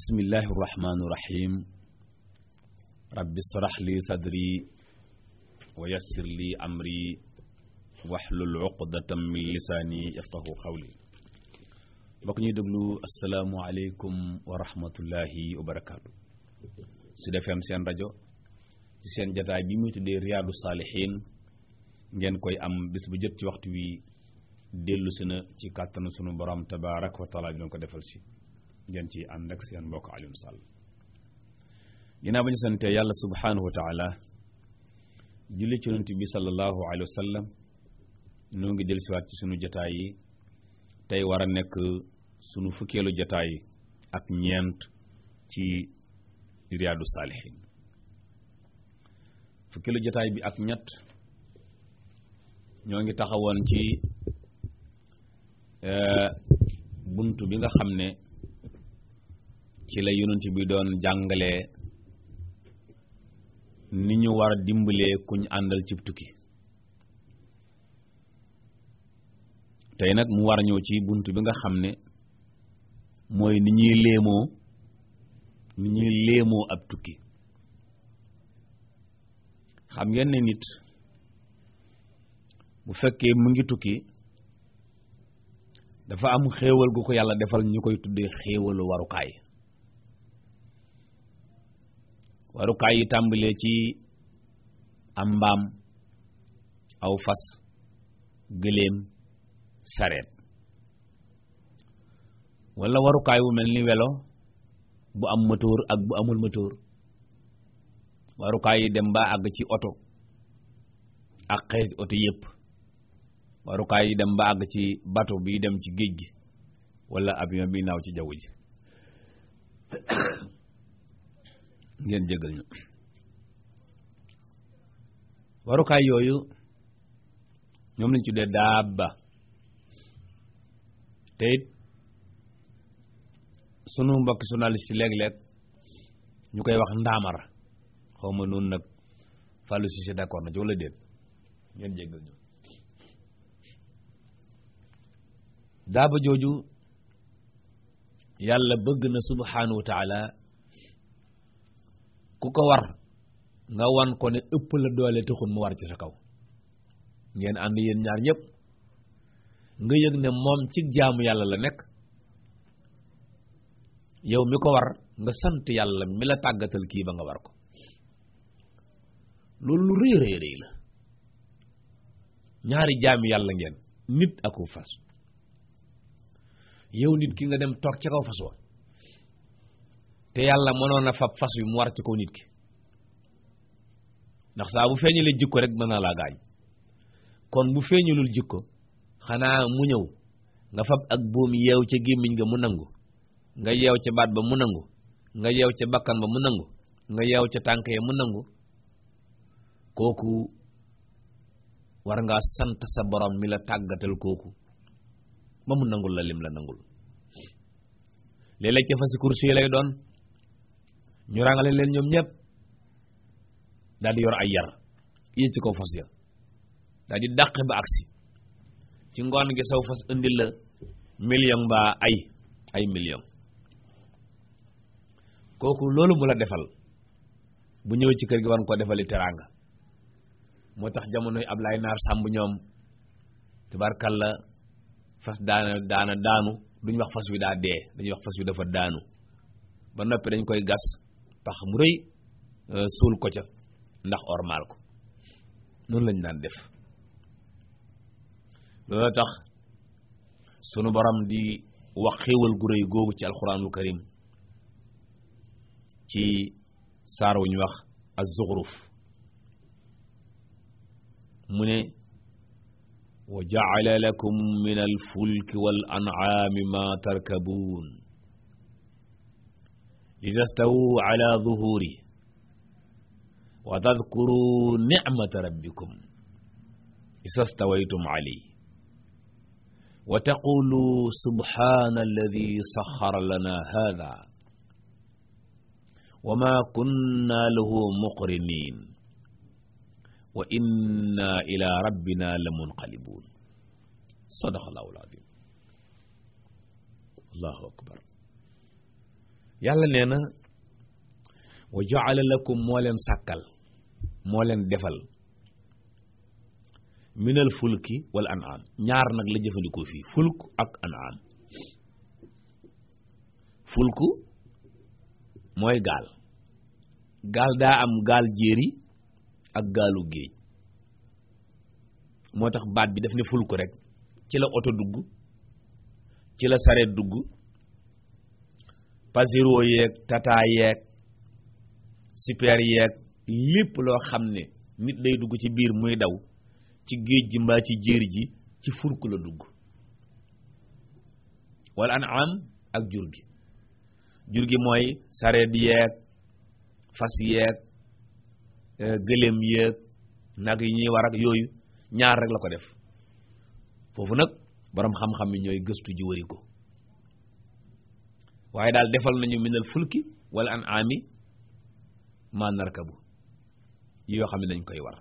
bismillahi irrahmani irrahim rabbi srax li sadri wa yassir li amri waxlul uqdatam min lisaani yafqahu qawli mbokk ñuy déglu asalaamualeykum wa rahmatullahi wa barakaatu Sud FM seen rajo ci seen jataay bi muy tuddee riyaadu saalihiin ngeen koy am bis bu jot ci waxtu wi dellu si na ci kàttanu sunu borom tabaaraka wa taala ko defal si ngeen ci ànd ak seen mbokk Alioune Sall ginnaaw ba ñu sante yàlla subhaanahu wa taala julli ci yonent bi sallallahu alayhi wa noo ngi dellusiwaat ci sunu jataay yi tey war a nekk sunu fukkeelu jataay ak ñeent ci riyaadu saalihin fukkeelu jataay bi ak ñett ñoo ngi taxawoon ci eh, buntu bi nga xam ne ci la yonent bi doon jàngale ni ñu war a dimbalee kuñ àndal cib tukki tey nag mu war a ñëw ci bunt bi nga xam ne mooy ni ñuy léemoo ni ñuy léemoo ab tukki xam ngeen nit bu fekkee mu ngi tukki dafa am xéewal gu ko yàlla defal ñu koy tuddee xéewalu warukaay warukaay yi tàmbalee ci am mbaam aw fas gëléem sareet wala warukaay wu mel ni welo bu am moteur ak bu amul moteur warukaay yi dem ba àgg ci oto ak xeeti oto yépp warukaay yi dem ba àgg ci bato bi dem ci géej gi wala avion bi naaw ci jaww ji ngeen jégal ñu warukaay yooyu ñoom lañ tuddee daaba te it sunu mbokki journaliste ci léeg-léeg ñu koy wax ndaamara xaw ma noonu nag fàllu si si d'accord na ci wala déet ngeen jégal ñu daaba jooju yàlla bëgg na subhaanahu wa ku ko war nga wan ko ne ëpp la doole taxul mu war ci sa kaw ngeen ànd yéen ñaar ñépp nga yëg ne moom ci jaamu yàlla la nekk yow mi ko war nga sant yàlla mi la tàggatal kii ba nga war ko loolu lu rëy rëy rëy la ñaari jaami yàlla ngeen nit aku fas yow nit ki nga dem toog ca kaw fas te yàlla mënoon a fab fas wi mu war ci kaw nit ki ndax saa bu feeñalee ko rek mën na laa gaañ kon bu jig ko xanaa mu ñëw nga fab ak buum yeew ca gémmiñ ga mu nangu nga yeew ca baat ba mu nangu nga yeew ca bakkan ba mu nangu nga yeew ca tànk ya mu nangu kooku war ngaa sant sa borom mi la tàggatal kooku ba mu nangul la lim la nangul léeg-léeg fasi kursi lay doon ñu ràngale leen ñoom ñëpp daal di yor ay yar yéeg ci kaw fas ya daal di dàq ba agsi ci ngoon gi saw fas indi la million ba ay ay million kooku loolu mu la defal bu ñëwee ci kër gi war nga ko defali teraanga moo tax jamonoy Ablaay Naar Sàmb ñoom la fas daana daana daanu duñ wax fas wi daa dee dañuy wax fas wi dafa daanu ba noppi dañ koy gas pax mu rëy euh, suul ko ca ndax ormaal ko noonu lañ daan def loolu tax sunu baram di wax xéewal gu rëy googu ci alxuraanul karim ci saar wu wax az-zuxruf mu ne wa ja'ala lakum min alfulki wal an'aami ma tarkabuun لتستووا على ظهوره وتذكروا نعمة ربكم إذا استويتم عليه وتقولوا سبحان الذي سخر لنا هذا وما كنا له مقرنين وإنا إلى ربنا لمنقلبون صدق الله العظيم الله أكبر yàlla nee na wa jaala ko moo leen sàkkal moo leen defal minal fulki wal an'am ñaar nag la jëfandikoo fii fulk ak an'am fulku mooy gaal gaal daa am gaal jéeri ak gaalu géej moo tax baat bi daf ne fulku rek ci la oto dugg ci la sareet dugg pasiro yeeg tata yeeg super yeeg lépp loo xam ne nit lay dugg ci biir muy daw ci géej gi mbaa ci jéer ji ci furk la dugg wala an'am ak jur gi jur gi mooy sareet yeeg fas yeeg euh, gëléem yeeg nag yi ñuy war yooyu ñaar rek la ko def foofu nag boroom xam-xam ñooy gëstu ji wëri ko waaye daal defal nañu minal fulki wala an aami ma narkabu yoo xam ne dañ koy war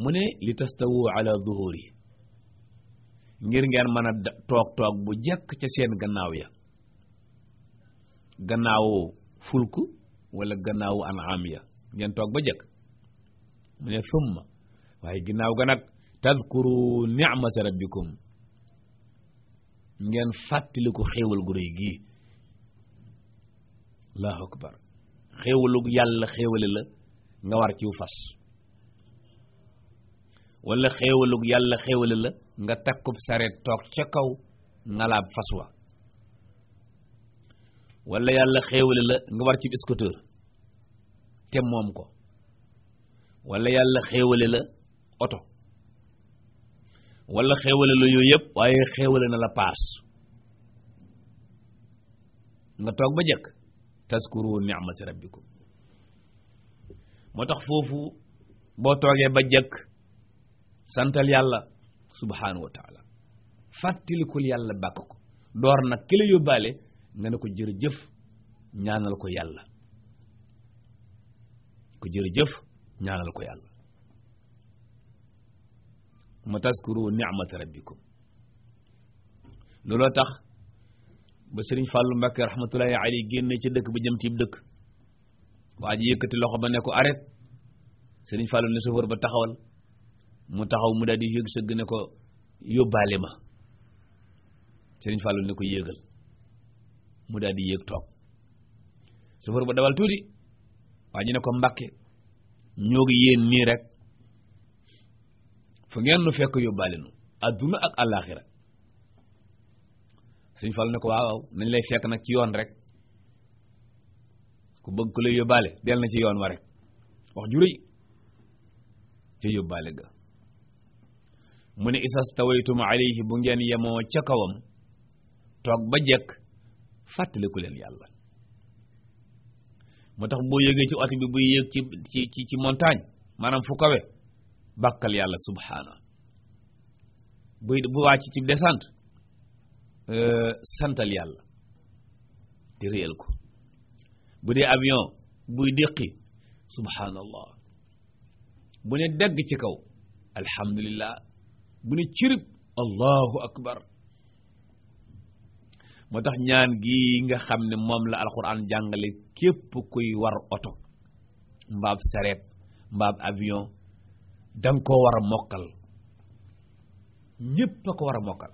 mu ne li tastawu ala zuhuri ngir ngeen mën a toog toog bu jekk ca seen gannaaw ya gannaawu fulk wala gannaawu an am ya ngeen toog ba jekk mu ne summa waaye ginnaaw ga nag tadkuru ni'mata rabbikum ngeen fàttaliku xéewal gu réy gii allahu akbar xéewalu yàlla xéewale la nga war ciw fas wala xéewalu yàlla xéewale la nga takkub sareet toog ca kaw ngalaab fas wa wala yàlla xéewale la nga war ci scooter te moom ko walla yàlla xéewale la oto wala xéewale la yooyu yëpp waaye xéewale na la paas nga toog ba jëkk taskuru ni'mati rabbikum moo tax foofu boo toogee ba jëkk santal yàlla subhaanahu wa taala fàttalikul yàlla bàkk ko door nag ki la yóbbaale nga ne ko jëf ñaanal ko yàlla ko jëf ñaanal ko yàlla mu taskuru ni'mata rabbikum looloo tax ba sëriñ Fàllu Mbàkke rahmatullahi alayhi génne ci dëkk ba jëm ci dëkk waa ji yëkkati loxo ba ne ko arrêt sëriñ Fàllu ne chauffeur ba taxawal mu taxaw mu daal di yëg sëgg ne ko yóbbaale ma sëriñ Fàllu ne ko yéegal mu daal di yéeg toog chauffeur ba dawal tuuti waa ji ne ko Mbàkke ñoo ngi yéen nii rek fu ngeen nu fekk yóbbaale nu adduna ak àllaaxira suñ fal ne ko waaw nañ lay fekk nag ci yoon rek ku bëgg ku lay yóbbaale del na ci yoon wa rek wax ju rëy ca yóbbaale ga mu ne isas tawaytum alayhi bu ngeen yemoo ca kawam toog ba jekk fàttaliku leen yàlla moo tax boo yëgee ci oto bi buy yëg ci ci ci montagne maanaam fu kawe bàkkal yàlla subhaana buy bu wàcc ci descente euh, santal yàlla di réyal ko bu dee avion buy déqi subhaanallah bu ne dagg ci kaw alhamdulillah bu ne cirib allahu akbar moo tax ñaan gi nga xam ne moom la alxuraan jàngale képp kuy war oto mbaab sareet mbaab avion da nga koo war a mokkal ñépp ko war a mokkal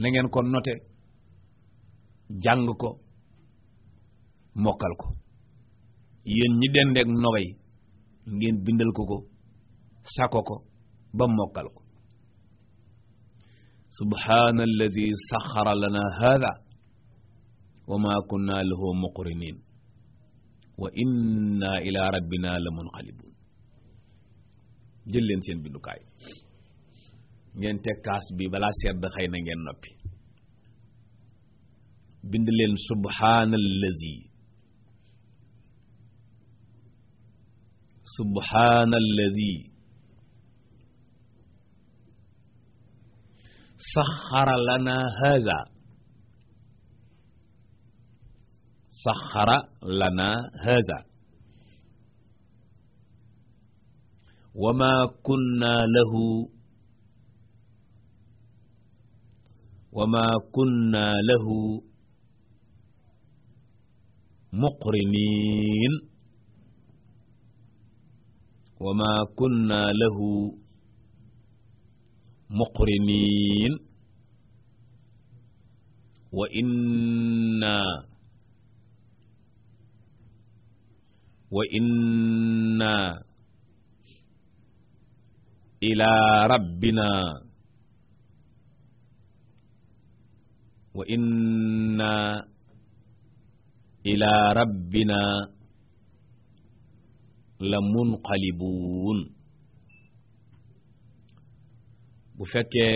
na ngeen ko note jàng ko mokal ko yéen ñi dendeeg nobay ngeen bindal ko ko sako ko ba mokkal ko subhaana alladi saxara lana hada wa ma kunna lahu muqrinin wa inna ila rabbina la munqalibun jël leen seen bindukaay ngeen kaas bi balaa sedd xëy na ngeen noppi bind leen subhaanallazi subhaanallazi saxara lana haza saxara lana haza wa maa kunnaa lahu wa maa kunnaa lahu muqriniin wa maa kunnaa lahu muqriniin wa innaa wa innaa ilaa rabbina wa inna ilaa rabbina la munqalibuun bu fekkee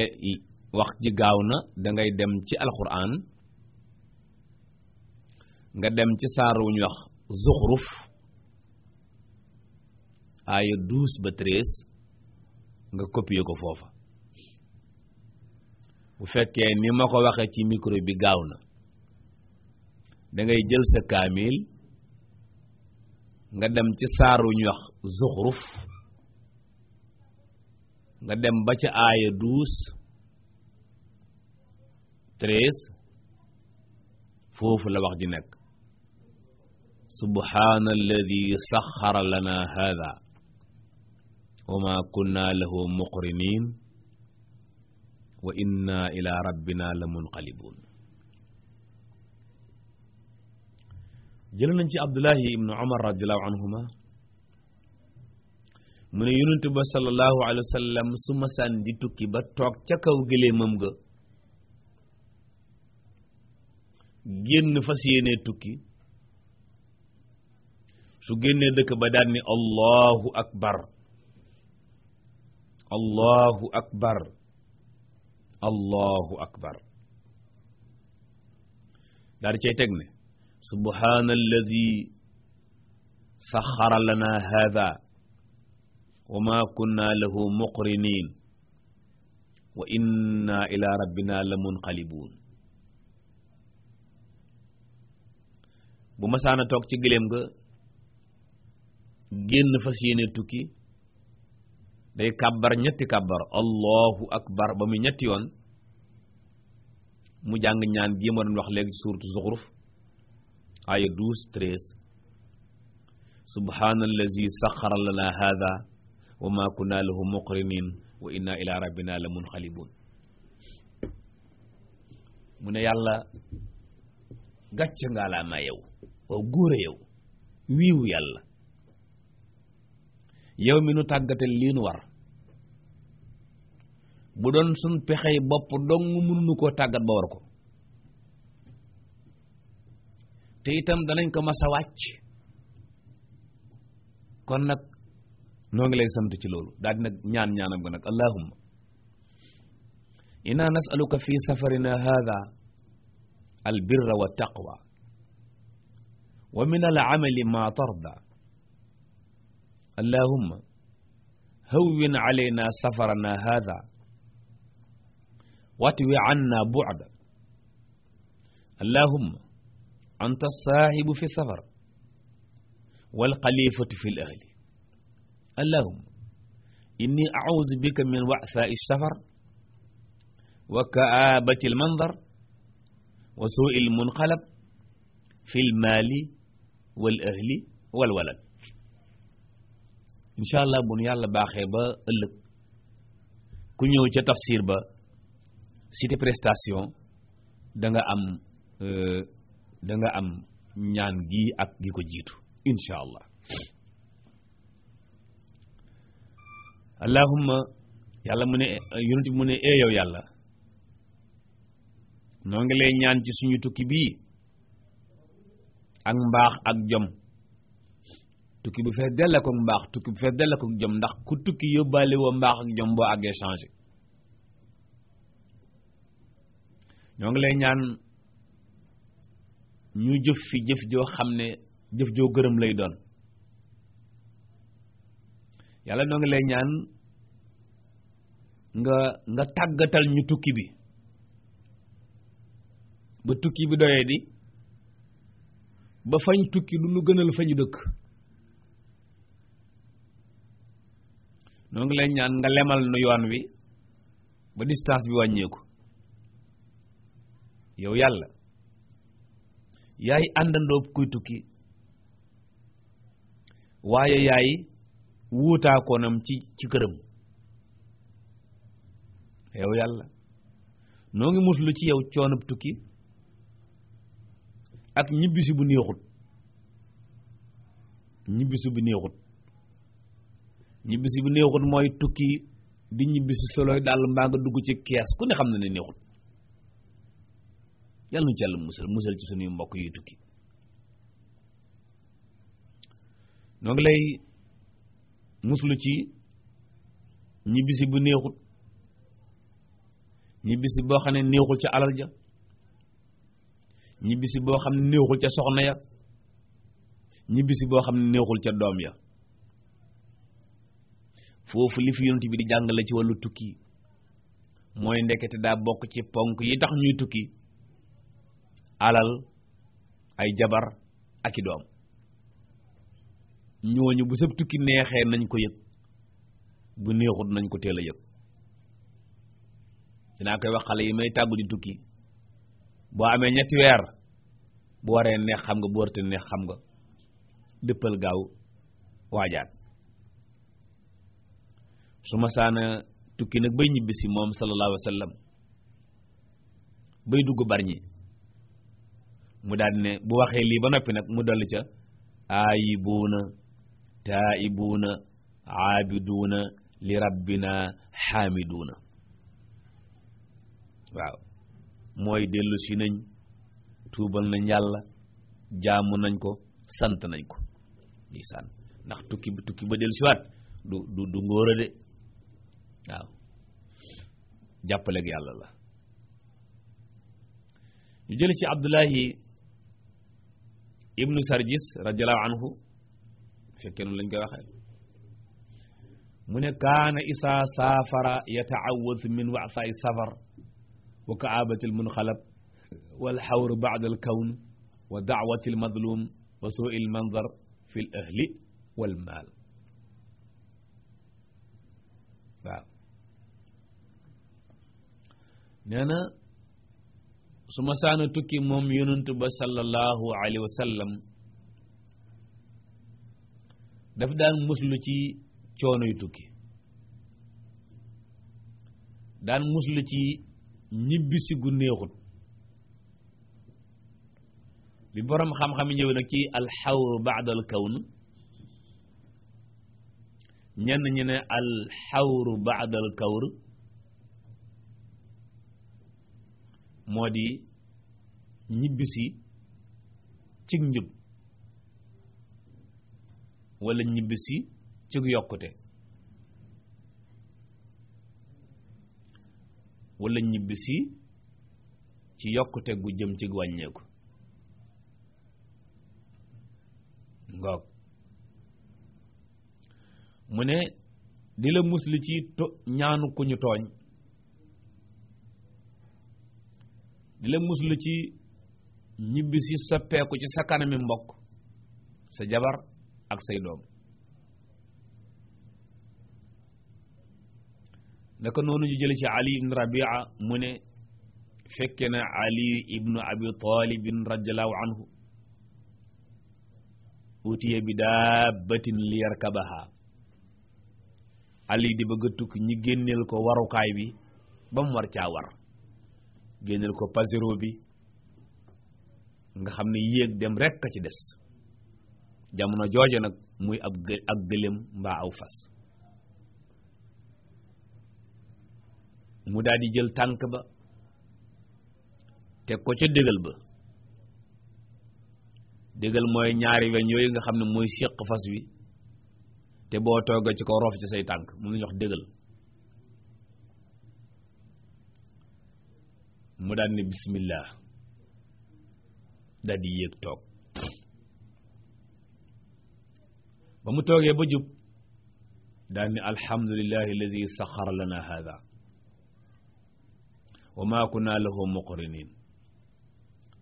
wax ji gaaw na dangay dem ci alxuraan nga dem ci saar wu ñu wax zuxruf aaya douze ba treize nga copier ko foofa bu fekkee ni ma ko waxee ci micro bi gaaw na dangay jël sa kaamil nga dem ci saaru ñu wax zuxruf nga dem ba ca aaya douze treize foofu la wax ji nekk subhaana alladi saxara lana hada wa ma kunna lahu muqrinin wa inna ila rabbina la munqalibun jël nañ ci abdullahi ibnu umar radiallahu anhuma mu ne yonent ba su masaan tukki ba toog ca kaw gëléemam ga génn fas yéenee tukki su génnee dëkk ba daan allahu akbar allahu akbar allahu akbar daal di cay teg ne subhaana alladi lana hada wa kunna lahu muqrinin wa inna rabbina la munqalibun bu masaana toog ci gëléem ga génn fas yéene tukki day kàbbar ñetti kàbbar allahu akbar ba muy ñetti yoon mu jàng ñaan gii ma doon wax léegi suuratu zuxruf aaya douze treize subhaanallazi saxara lana hada wa ma lahu muqrinin wa inna ila rabbina la munqalibun mu ne yàlla gàcc nga laa ma yow oo góore yow wiiwu yàlla yow mi nu tàggatal lii nu war bu doon suñ pexey bopp dong mënuñu koo tàggat ba war ko te itam dalañ ko masa a wàcc kon nag noo ngi lay sant ci loolu daal di nag ñaan ñaanam ko nag allahumma inna nasaluka fi safarina hadha albirra wa taqwa wa min al amali ma tarda allahumma hawwin alaynaa safarana haadha watwi anna bu'da allahumma anta saahibu fi safar wal xalifatu fi l ahli allahumma inni a'uuzu bika min wa'saa'i safar wa ka'aabati al mandar wa suu'i al munqalab fi l maali wal ahli wal walad incha allah bu nu yàlla baaxee ba ëllëg ku ñëw ca tafsir ba cité prestation danga am euh, da am ñaan gi ak gi ko jiitu incha allah allahumma yàlla mu ne yonent bi mu ne ee yàlla noo ngi lay ñaan ci suñu tukki bii ak mbaax ak jom tukki bu fees dell ak mbaax tukki bu fees dell ak jom ndax ku tukki yóbbaale woo mbaax ak jom boo àggee changé ñoo ngi lay ñaan ñu jëf fi jëf joo xam ne jëf joo gërëm lay doon yàlla ñoo ngi lay ñaan nga nga tàggatal ñu tukki bi ba tukki bi doyee di ba fañ tukki du nu gënal fa ñu dëkk noo ngi lay ñaan nga lemal nu yoon wi ba distance bi wàññeeku yow yàlla yaay àndandoo kuy tukki waaye yaay wuutaakoonam ci ci këram yow yàlla noo ngi muslu ci yow coonub tukki ak ñibbisi bu néexut ñibbisi bu néexut ñibbisi bu neexut mooy tukki bi ñibbisi soloy daal mbaa nga dugg ci kees ku ne xam na ne neexut yàlla nu ci yàlla musal musal ci sunuy mbokk yi tukki noo ngi lay muslu ci ñibbisi bu neexut ñibbisi boo xam ne neexul ca alal ja ñibbisi boo xam ne neexul ca soxna ya ñibbisi boo xam ne néexul ca doom ya foofu lifi fi bi di jàngale ci wàllu tukki mooy ndekete daa bokk ci ponk yi tax ñuy tukki alal ay jabar ak i doom ñooñu bu sab tukki neexee nañ ko yëg bu neexut nañ ko teel a yëg dinaa koy wax xale yi may tàggu di tukki boo amee ñetti weer bu waree neex xam nga bu wartee neex xam nga dëppal gaaw waajaat su ma saana tukki nag bay ñibbisi moom sallallahu alayhi wa sallam bay dugg barñi mu daal ne bu waxee lii ba noppi nag mu dolli ca aayibuuna taayibuuna aabiduuna li rabbina xaamiduuna waaw mooy dellu si nañ tuubal nañ yàlla jaamu nañ ko sant nañ ko ndeysaan ndax tukki tukki ba dellu siwaat du du du de waaw jàppaleeg yàlla la ñu jël ci Abdullahi ibnu Sarjis radiallahu anhu fekkee noonu lañ koy waxee mu ne kaana isaa saafara yataawaz min wasaay safar wa kaabati almunxalab wal xawr baad alkawn wa daawati almadlum wa suui almanzar fi al ahli wal maal waaw nee na su ma saana tukki moom yonentu ba sallallahu alayhi wa dafa daan muslu ci coonoy tukki daan muslu ci ñibbisi gu néexut bi boroom xam-xam yi ñëw nag ci alxawru baada kawn ñenn ñu ne alxawru baada kawr moo di ñibbisi cig njub wala ñibbisi cig yokkute walla ñibbisi ci yokkute gu jëm cig wàññeeku ngoog mu ne di la musli ci ñaanu ku ñu tooñ di la muslu ci ñibbisi soppeeku ci sa kanami mbokk sa jabar ak say doom naka noonu ñu jële ci ali ibn rabia mu ne fekke na ali ibnu abi talibin radiallahu anhu utiya bi daabatin li yarkabaha ali di bëgg a tukki ñi génneel ko warukaay bi ba mu war caa war génneel ko pasero bi nga xam ne yéeg dem rekk a ci des jamono jooja nag muy ab gë ak gëléem mbaa aw fas mu daldi jël tànk ba teg ko ca dëgal ba dëgal mooy ñaari weñ yooyu nga xam ne mooy séq fas wi te boo toogee ci ko roof ci say tànk mu ñu wax dëgal mu daan ne bismillah daal di yéeg toog ba mu toogee ba jub daan ne alhamdulillahi allazi saxara lana hada wa ma kunna lahu muqrinin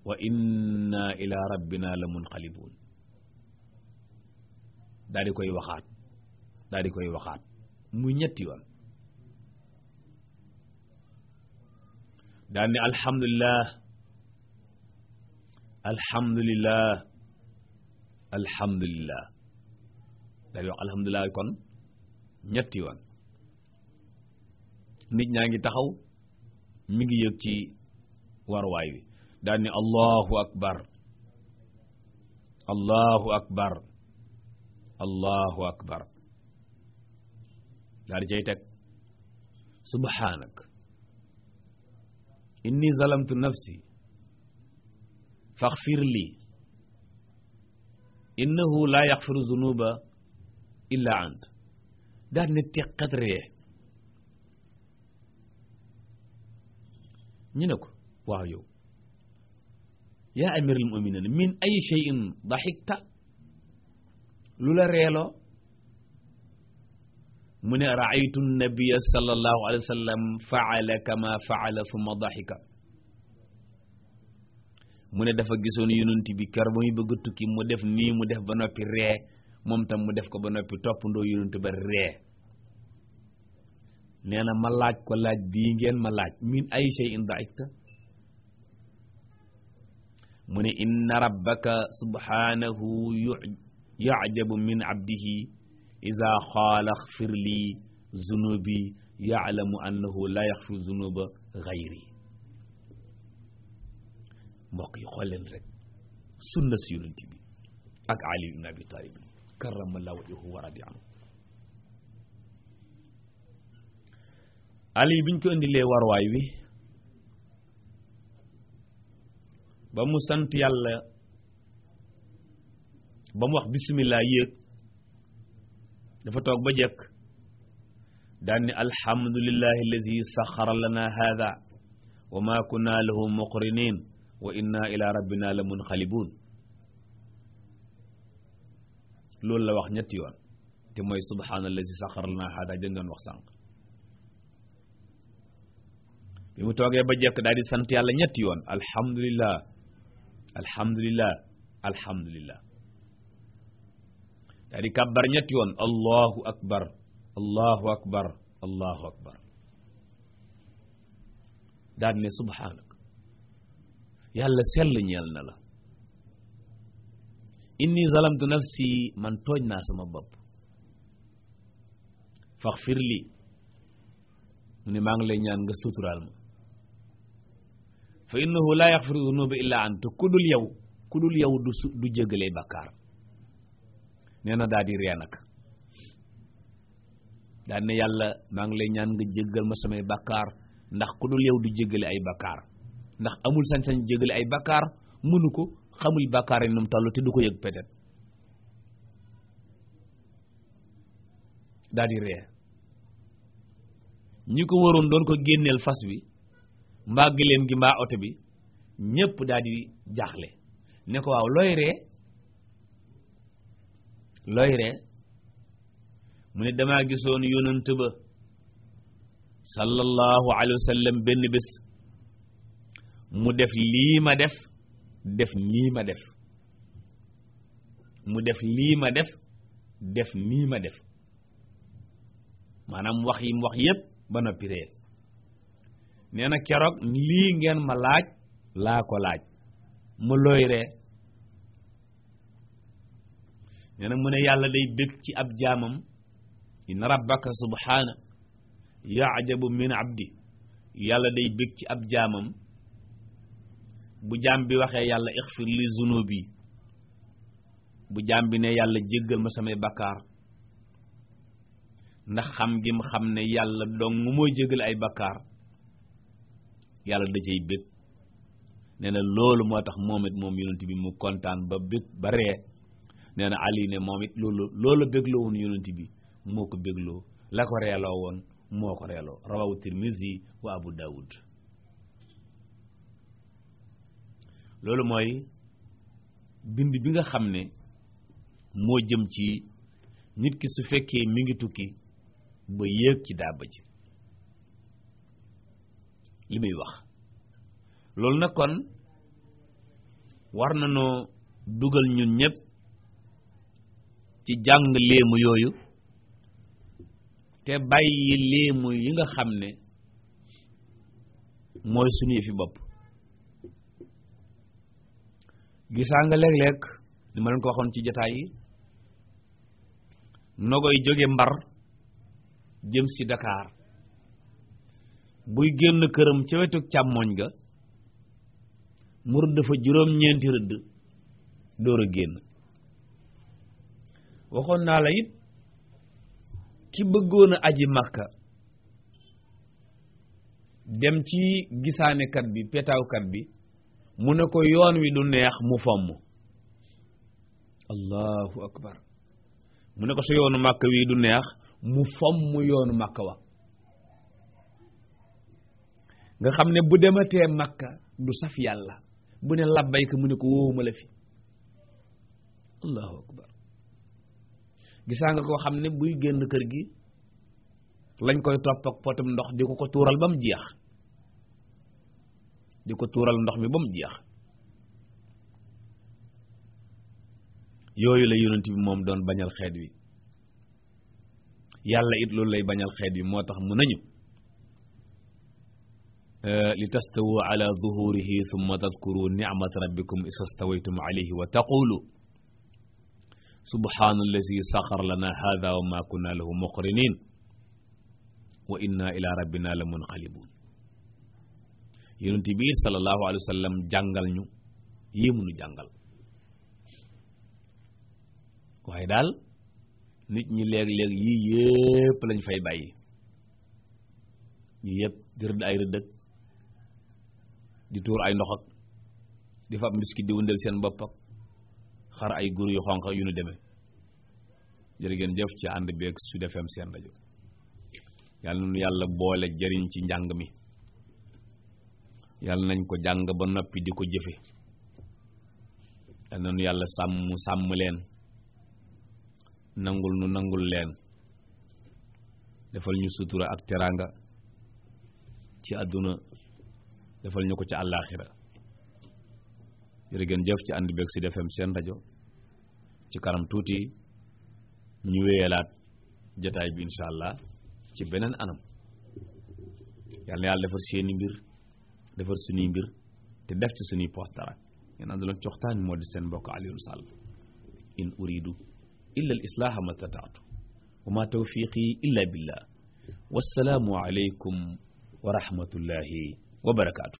wa inna ila rabbina la munqalibun daal di koy waxaat daal di koy waxaat muy ñetti yoon daal ne alhamdulilah alhamdulilah alhamdulilah daal wax alhamdulilah kon ñetti yoon nit ñaa ngi taxaw mi ngi yëg ci warwaay wi daal ne allahu akbar allahu akbar allahu akbar daal di cay teg subhaanak inni zalamtu nafsi faxfir lii innahu laa yaxfiru zunuba illa ant daal ne teqat ree ñu ne ko waaw yow yaa amir al muminina min ay cheyin daxikta lu la reeloo mu ne raaytu nabia sallallahu alayhi wa sallam faala kama faala summa daxika mu ne dafa gisoon yonent bi kër ba muy bëgg a tukki mu def nii mu def ba noppi ree moom tam mu def ko ba noppi toppandoo yonent ba ree nee na ma laaj ko laaj bii ngeen ma laaj min ay shay'in da'ikta mu ne inna rabbaka subhanahu yu'jabu min abdihi iza qaala xfir lii zunubi yaalamu annahu la yaxfiru zunuba xayri mbokk yi xool leen rek sunna si yonent bi ak ali ibn abi talib karramallahu wajhahu wa radiya anhu ali biñ ko indilee warwaay wi ba mu sant yàlla ba mu wax bismillah yéeg dafa toog ba jekk daan ni alhamdulillahi allazi saxara lana hada wa ma kunna lahu muqrinin wa inna ila rabbina loolu la wax ñetti yoon te mooy subhaanallazi saxara lana hada dañ doon wax sànq bi mu ba jekk daal di sant yàlla ñetti yoon alhamdulillah alhamdulillah alhamdulillah daal di kàbbar ñetti yoon allahu akbar allahu akbar allahu akbar daal ne subhaanak yàlla sell ñeel na la inni zalamtu nafsi man tooñ naa sama bopp faxfir li mu ne maa ngi lay ñaan nga suturaal ma fa innahu laa yaxfiru dunuba illa anta ku dul yow ku dul yow du su du nee na daa di ree nag daan ne yàlla maa ngi lay ñaan nga jéggal ma samay bàkkaar ndax ku dul yow du jéggale ay bàkkaar ndax amul sañ-sañ jéggale ay bàkkaar mënu ko xamul bàkkaar yi nu mu te du ko yëg peut-être daa di ree ñi ko waroon doon ko génneel fas bi mbaa gëléem gi mbaa oto bi ñépp daa di jaaxle ne ko waaw looy ree looy ree mu ne damaa gisoon yonent ba sallallahu alayhi wa sallam benn bés mu def lii ma def def nii ma def mu def lii ma def def nii ma def maanaam wax yi wax yépp ba noppi réer nee na keroog lii ngeen ma laaj laa ko laaj mu looy nee na mu ne yàlla day bég ci ab jaamam inna rabbaka subhaana yaajabu min abdi yàlla day bég ci ab jaamam bu jaam bi waxee yàlla ixfir li zunubi bu jaam bi ne yàlla jéggal ma samay bakkaar ndax xam gi xam ne yàlla dong mooy jégal ay bakkaar yàlla da cay bég nee na loolu moo tax moom it moom yonent bi mu kontaan ba bég ba ree nee na Ali ne moom it loolu loolu bégloo woon yonent bi moo ko bégloo la ko reeloo woon moo ko reeloo rawawu Tirmizi wa Abu Dawud loolu mooy bind bi nga xam ne moo jëm ci nit su fekkee mi ngi tukki ba yéeg ci daaba ji li muy wax loolu nag kon war na noo dugal ñun ñëpp ci jàng léemu yooyu te bàyyi léemu yi nga xam ne mooy suñu yëfi bopp gisaa nga léeg-léeg li ma leen waxoon ci jataay yi nogoy jóge mbar jëm si Dakar buy génn këram ca wetu càmmooñ ga mu rëdd fa juróom-ñeenti rëdd door a génn waxoon naa la it ki bëggoon aji màkka dem ci gisaanekat bi petawkat bi mu ne ko yoon wi du neex mu fomm allahu akbar mu ne ko sa yoonu makka wi du neex mu fomm yoonu makka wa nga xam ne bu dematee makka du saf yàlla bu ne labbayka mu ne ko wóowuma la fi allahu akbar gisaa nga koo xam ne buy génn kër gi lañ koy topp ak potum ndox di ko ko tuural ba mu jeex di ko tuural ndox mi ba mu jeex yooyu la yonent bi moom doon bañal xeet wi yàlla it loolu lay bañal xeet wi moo tax mu nañu euh, li tastawu ala zuhurihi thumma tadkuru ni'mat rabbikum isa stawaytum alayhi wa taqulu subhaana allazi saxar lana hada wa ma kunna lahu muqrinin wa inna ila rabbina la munqalibun yonent bi sallallahu alayhi wa jàngal ñu yi munu jàngal waaye daal nit ñi léeg-léeg yii yëpp lañ fay bàyyi yii yëpp di rëdd ay rëdd di tuur ay ndox ak di fa am di wëndeel seen bopp xar ay guru yu xonq yu nu deme jërë ngeen jëf ci ànd beeg Sud FM seen rajo yàlla na nu yàlla boole jëriñ ci njàng mi yàlla nañ ko jàng ba noppi di ko jëfe yàlla na nu yàlla sàmm sàmm leen nangul nu nangul leen defal ñu sutura ak teraanga ci àdduna defal ñu ko ci àllaaxira jërëgeen jëf ci ànd beeg Sud FM seen rajo ci kanam tuuti ñu wéyalaat jataay bi incha allah ci beneen anam yal na yàlla defar seeni mbir defar suñuy mbir te def ci suñuy poos dara ngeen àndaloon coxtaan moo di seen mbokk Alioune Sall in uridu illa al islaaha ma stataatu wa ma tawfiqi illa billah wassalaamu alaykum wa rahmatullahi wa barakaatu